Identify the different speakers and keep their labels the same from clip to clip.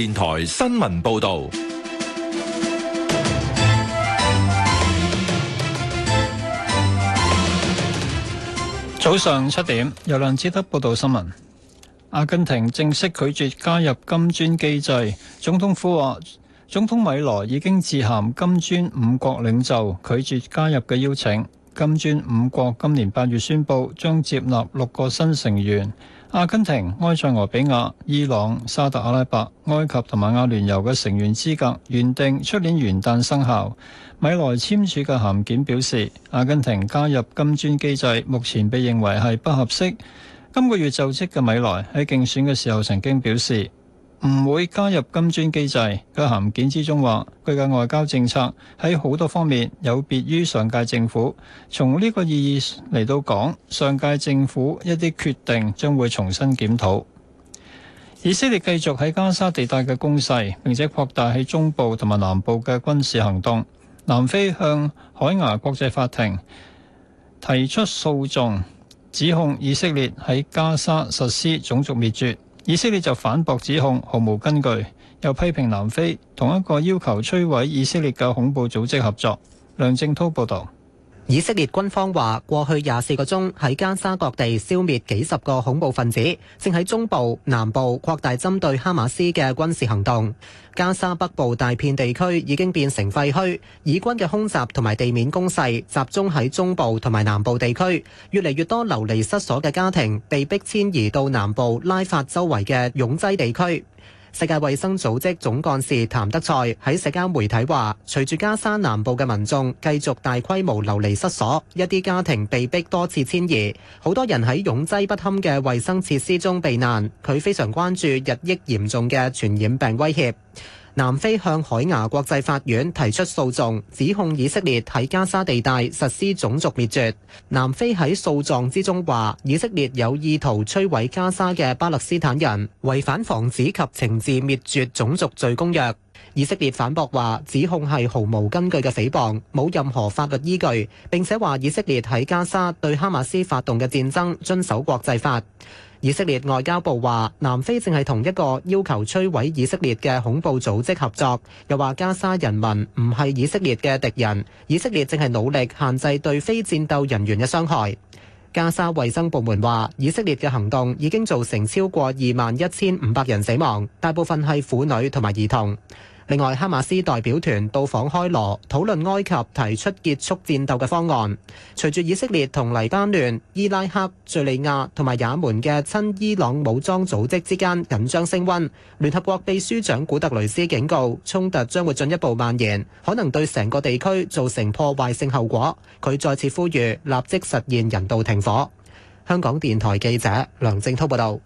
Speaker 1: 電台新聞報道，早上七點，由梁志德報道新聞。阿根廷正式拒絕加入金磚機制，總統府話，總統米萊已經致函金磚五國領袖，拒絕加入嘅邀請。金磚五國今年八月宣布將接納六個新成員：阿根廷、埃塞俄比亞、伊朗、沙特阿拉伯、埃及同埋阿聯酋嘅成員資格，原定出年元旦生效。米萊簽署嘅函件表示，阿根廷加入金磚機制目前被認為係不合適。今個月就職嘅米萊喺競選嘅時候曾經表示。唔會加入金磚機制。佢喺函件之中話，佢嘅外交政策喺好多方面有別於上屆政府。從呢個意義嚟到講，上屆政府一啲決定將會重新檢討。以色列繼續喺加沙地帶嘅攻勢，並且擴大喺中部同埋南部嘅軍事行動。南非向海牙國際法庭提出訴訟，指控以色列喺加沙實施種族滅絕。以色列就反駁指控，毫無根據，又批評南非同一個要求摧毀以色列嘅恐怖組織合作。梁正滔報導。以色列軍方話，過去廿四個鐘喺加
Speaker 2: 沙各地消滅幾十個恐怖分子，正喺中部、南部擴大針對哈馬斯嘅軍事行動。加沙北部大片地區已經變成廢墟，以軍嘅空襲同埋地面攻勢集中喺中部同埋南部地區，越嚟越多流離失所嘅家庭被迫遷移到南部拉法周圍嘅擁擠地區。世界衛生組織總幹事譚德塞喺社交媒體話：隨住加沙南部嘅民眾繼續大規模流離失所，一啲家庭被迫多次遷移，好多人喺擁擠不堪嘅衛生設施中避難。佢非常關注日益嚴重嘅傳染病威脅。南非向海牙國際法院提出訴訟，指控以色列喺加沙地帶實施種族滅絕。南非喺訴訟之中話，以色列有意圖摧毀加沙嘅巴勒斯坦人，違反防止及懲治滅絕種族罪公約。以色列反駁話，指控係毫無根據嘅誹謗，冇任何法律依據。並且話，以色列喺加沙對哈馬斯發動嘅戰爭遵守國際法。以色列外交部話，南非正係同一個要求摧毀以色列嘅恐怖組織合作，又話加沙人民唔係以色列嘅敵人，以色列正係努力限制對非戰鬥人員嘅傷害。加沙衛生部門話，以色列嘅行動已經造成超過二萬一千五百人死亡，大部分係婦女同埋兒童。另外，哈馬斯代表團到訪開羅，討論埃及提出結束戰鬥嘅方案。隨住以色列同黎巴嫩、伊拉克、敘利亞同埋也門嘅親伊朗武裝組織之間緊張升溫，聯合國秘書長古特雷斯警告，衝突將會進一步蔓延，可能對成個地區造成破壞性後果。佢再次呼籲立即實現人道停火。香港電台記者梁
Speaker 1: 正滔報道。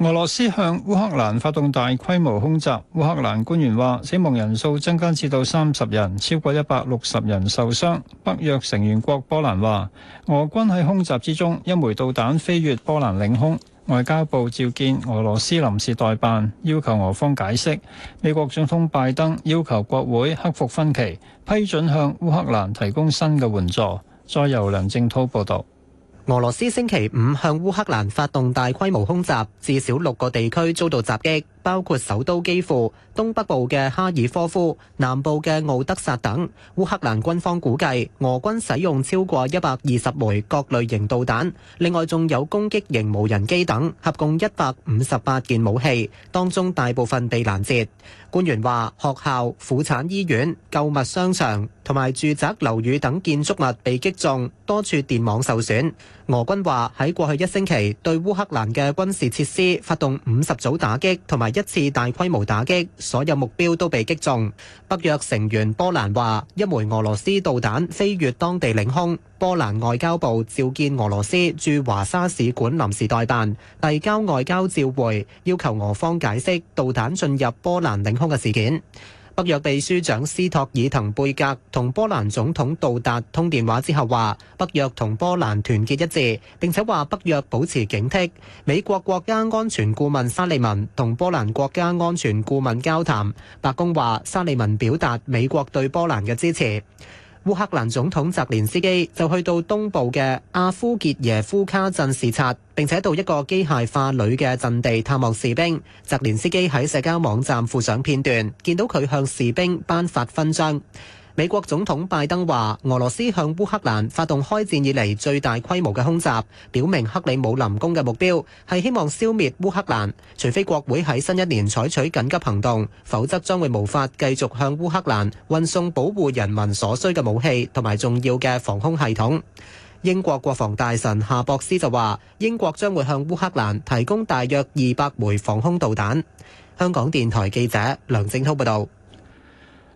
Speaker 1: 俄羅斯向烏克蘭發動大規模空襲，烏克蘭官員話死亡人數增加至到三十人，超過一百六十人受傷。北約成員國波蘭話，俄軍喺空襲之中一枚導彈飛越波蘭領空。外交部召見俄羅斯臨時代辦，要求俄方解釋。美國總統拜登要求國會克服分歧，批准向烏克蘭提供新嘅援助。再由梁正濤報道。俄羅
Speaker 2: 斯星期五向烏克蘭發動大規模空襲，至少六個地區遭到襲擊。包括首都基輔、東北部嘅哈爾科夫、南部嘅敖德薩等。烏克蘭軍方估計俄軍使用超過一百二十枚各類型導彈，另外仲有攻擊型無人機等，合共一百五十八件武器，當中大部分被攔截。官員話：學校、婦產醫院、購物商場同埋住宅樓宇等建築物被擊中，多處電網受損。俄軍話喺過去一星期對烏克蘭嘅軍事設施發動五十組打擊，同埋，一次大規模打擊，所有目標都被擊中。北約成員波蘭話，一枚俄羅斯導彈飛越當地領空。波蘭外交部召見俄羅斯駐華沙使館臨時代辦，遞交外交照會，要求俄方解釋導彈進入波蘭領空嘅事件。北約秘書長斯托爾滕貝格同波蘭總統杜達通電話之後話，北約同波蘭團結一致，並且話北約保持警惕。美國國家安全顧問沙利文同波蘭國家安全顧問交談，白宮話沙利文表達美國對波蘭嘅支持。烏克蘭總統澤連斯基就去到東部嘅阿夫傑耶夫卡鎮視察，並且到一個機械化旅嘅陣地探望士兵。澤連斯基喺社交網站附上片段，見到佢向士兵頒發勳章。美國總統拜登話：俄羅斯向烏克蘭發動開戰以嚟，最大規模嘅空襲，表明克里姆林宮嘅目標係希望消滅烏克蘭。除非國會喺新一年採取緊急行動，否則將會無法繼續向烏克蘭運送保護人民所需嘅武器同埋重要嘅防空系統。英國國防大臣夏博斯就話：英國將會向烏克蘭提供大約二百枚防空導彈。
Speaker 1: 香港電台記者梁正濤報道。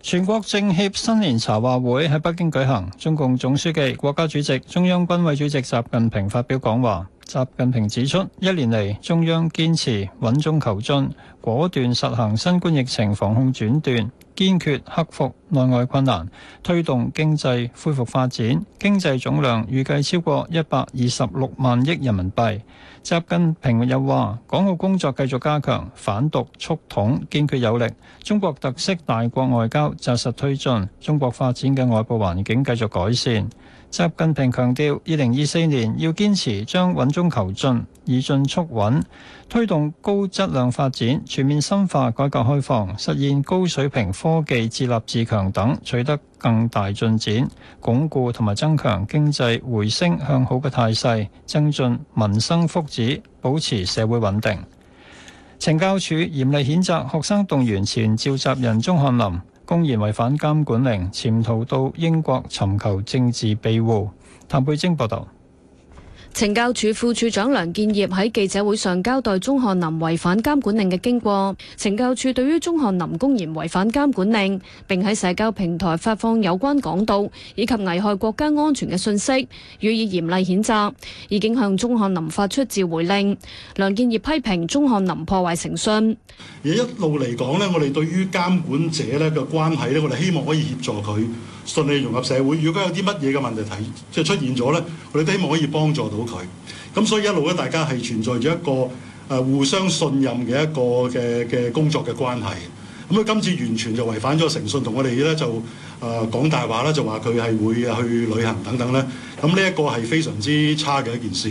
Speaker 1: 全國政協新年茶話會喺北京舉行，中共總書記、國家主席、中央軍委主席習近平發表講話。習近平指出，一年嚟，中央堅持穩中求進，果斷實行新冠疫情防控轉段。堅決克服內外困難，推動經濟恢復發展，經濟總量預計超過一百二十六萬億人民幣。習近平又話：港澳工作繼續加強，反獨促統堅決有力，中國特色大國外交紮實推進，中國發展嘅外部環境繼續改善。習近平強調，二零二四年要堅持將穩中求進，以進促穩，推動高質量發展，全面深化改革開放，實現高水平科技自立自強等，取得更大進展，鞏固同埋增強經濟回升向好嘅態勢，增進民生福祉，保持社會穩定。懲教署嚴厲譴責學生動源前召集人鍾翰林。公然違反監管令，潛逃到英國尋求政治庇護。譚佩晶報道。
Speaker 3: 懲教署副署長梁建業喺記者會上交代鍾漢林違反監管令嘅經過。懲教署對於鍾漢林公然違反監管令，並喺社交平台發放有關港獨以及危害國家安全嘅信息，予以嚴厲譴責，已經向鍾漢林發出召回令。梁建業批評鍾漢林破壞誠信。
Speaker 4: 而一路嚟講呢，我哋對於監管者呢嘅關係呢，我哋希望可以協助佢順利融入社會。如果有啲乜嘢嘅問題提，即係出現咗呢，我哋都希望可以幫助到。佢咁，所以一路咧，大家係存在住一個誒互相信任嘅一個嘅嘅工作嘅關係。咁佢今次完全就違反咗誠信，同我哋咧就誒講大話啦，就話佢係會去旅行等等咧。咁呢一個係非常之差嘅一件事。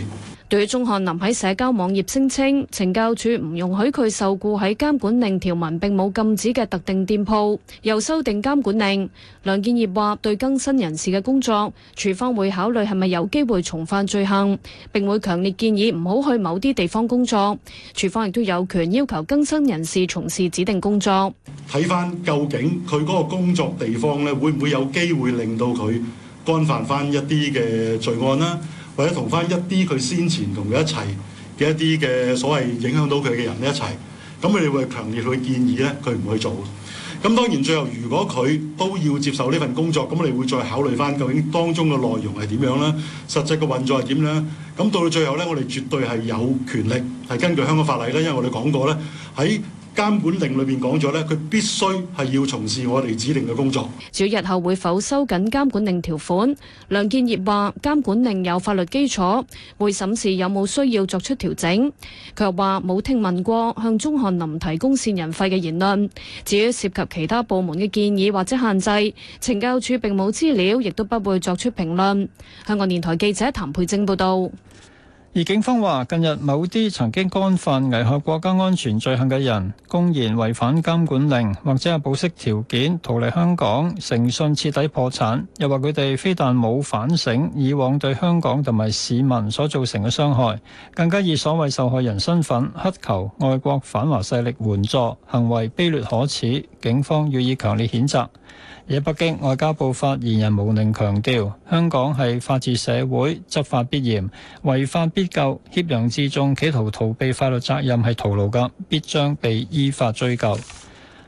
Speaker 3: 對於鍾漢林喺社交網頁聲稱，懲教處唔容許佢受雇喺監管令條文並冇禁止嘅特定店鋪，又修訂監管令。梁建業話：對更新人士嘅工作，處方會考慮係咪有機會重犯罪行，並會強烈建議唔好去某啲地方工作。處方亦都有權要求更新人士從事指定工作。
Speaker 4: 睇翻究竟佢嗰個工作地方咧，會唔會有機會令到佢干犯翻一啲嘅罪案呢？或者同翻一啲佢先前同佢一齊嘅一啲嘅所謂影響到佢嘅人一齊，咁佢哋會強烈去建議咧，佢唔去做。咁當然最後，如果佢都要接受呢份工作，咁你會再考慮翻究竟當中嘅內容係點樣啦，實際嘅運作係點咧。咁到到最後咧，我哋絕對係有權力，係根據香港法例咧，因為我哋講過咧喺。監管令裏面講咗咧，佢必須係要從事我哋指定嘅工作。
Speaker 3: 至於日後會否收緊監管令條款，梁建業話監管令有法律基礎，會審視有冇需要作出調整。佢又話冇聽聞過向鍾漢林提供線人費嘅言論。至於涉及其他部門嘅建議或者限制，懲教署並冇資料，亦都不會作出評論。香港電台記者譚佩正報道。
Speaker 1: 而警方話：近日某啲曾經干犯危害國家安全罪行嘅人，公然違反監管令或者有保釋條件，逃離香港，誠信徹底破產。又話佢哋非但冇反省以往對香港同埋市民所造成嘅傷害，更加以所謂受害人身份乞求外國反華勢力援助，行為卑劣可恥，警方予以強烈譴責。喺北京，外交部發言人毛寧強調：香港係法治社會，執法必嚴，違法必究。挾洋自重，企圖逃避法律責任係徒勞㗎，必將被依法追究。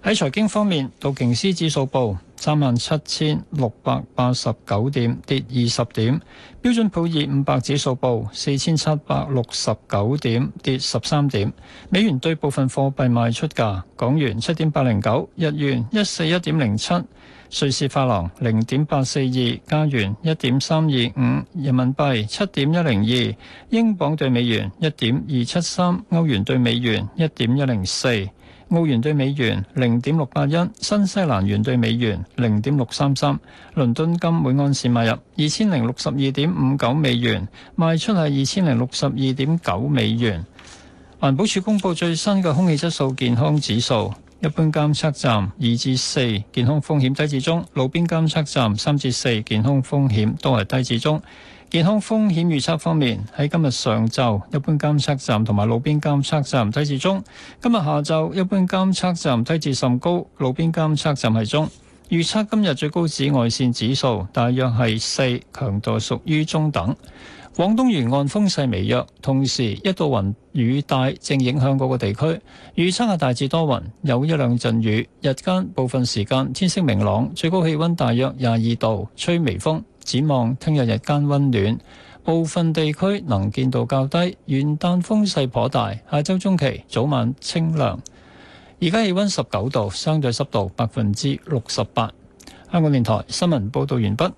Speaker 1: 喺財經方面，道瓊斯指數報三萬七千六百八十九點，跌二十點；標準普爾五百指數報四千七百六十九點，跌十三點。美元對部分貨幣賣出價：港元七點八零九，日元一四一點零七，瑞士法郎零點八四二，加元一點三二五，人民幣七點一零二，英鎊對美元一點二七三，歐元對美元一點一零四。澳元兌美元零點六八一，新西蘭元兌美元零點六三三，倫敦金每安士買入二千零六十二點五九美元，賣出係二千零六十二點九美元。環保署公布最新嘅空氣質素健康指數，一般監測站二至四，健康風險低至中；路邊監測站三至四，健康風險都係低至中。健康風險預測方面，喺今日上晝，一般監測站同埋路邊監測站低至中；今日下晝，一般監測站低至甚高，路邊監測站係中。預測今日最高紫外線指數大約係四，強度屬於中等。廣東沿岸風勢微弱，同時一道雲雨帶正影響嗰個地區，預測係大致多雲，有一兩陣雨。日間部分時間天色明朗，最高氣溫大約廿二度，吹微風。展望聽日日間溫暖，部分地區能見度較低，元旦風勢頗大。下周中期早晚清涼，而家氣溫十九度，相對濕度百分之六十八。香港電台新聞報道完畢。